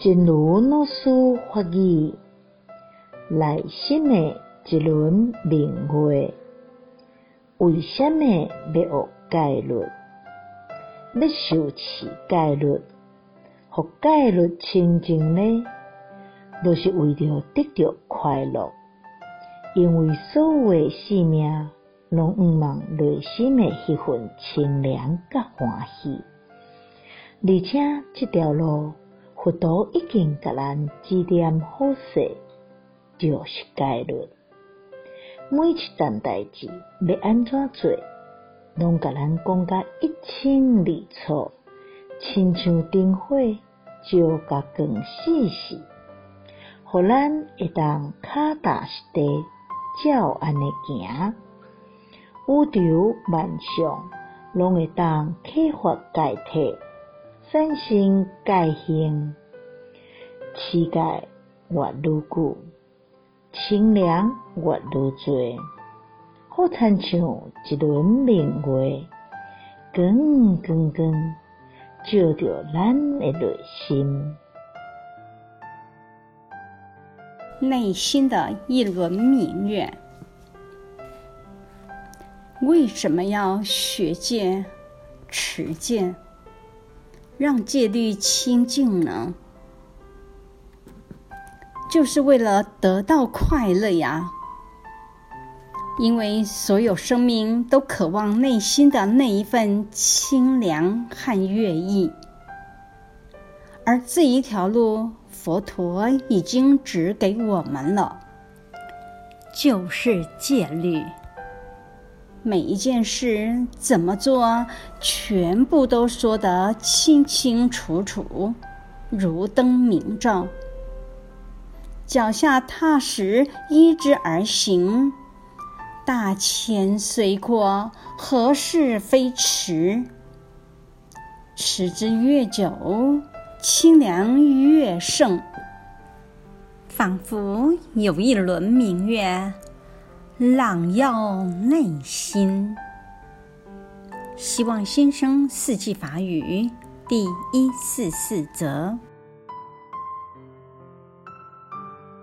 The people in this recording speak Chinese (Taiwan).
真如老師法語，內心的一輪明月，為什麼要學戒律？要修持戒律，互戒律清淨呢？就是為了得到快樂，因為所有誒生命，攏希望內心誒一份清涼甲歡喜，而且這條路。佛陀已經甲咱指點好勢，就是戒律。每一樁代誌要安怎做，攏甲咱講甲一清二楚，親像燈火照甲光細細。互咱會當跤踏實地照安尼行，宇宙萬象攏會當開發解脫。三心加興，世界越愈久，清涼越愈多，好親像一輪明月，光光光照着咱的內心。內心的一輪明月，為什麼要學戒、持戒？讓戒律清淨呢，就是為了得到快樂呀。因為所有生命都渴望內心的那一份清涼和悅意，而這一條路佛陀已經指給我們了，就是戒律。每一件事怎麼做，全部都說得清清楚楚，如燈明照。腳下踏實，依之而行。大千雖闊，何事非持？持之越久，清涼越勝，仿佛有一輪明月。朗耀內心，希望新生四季法語第一四四則。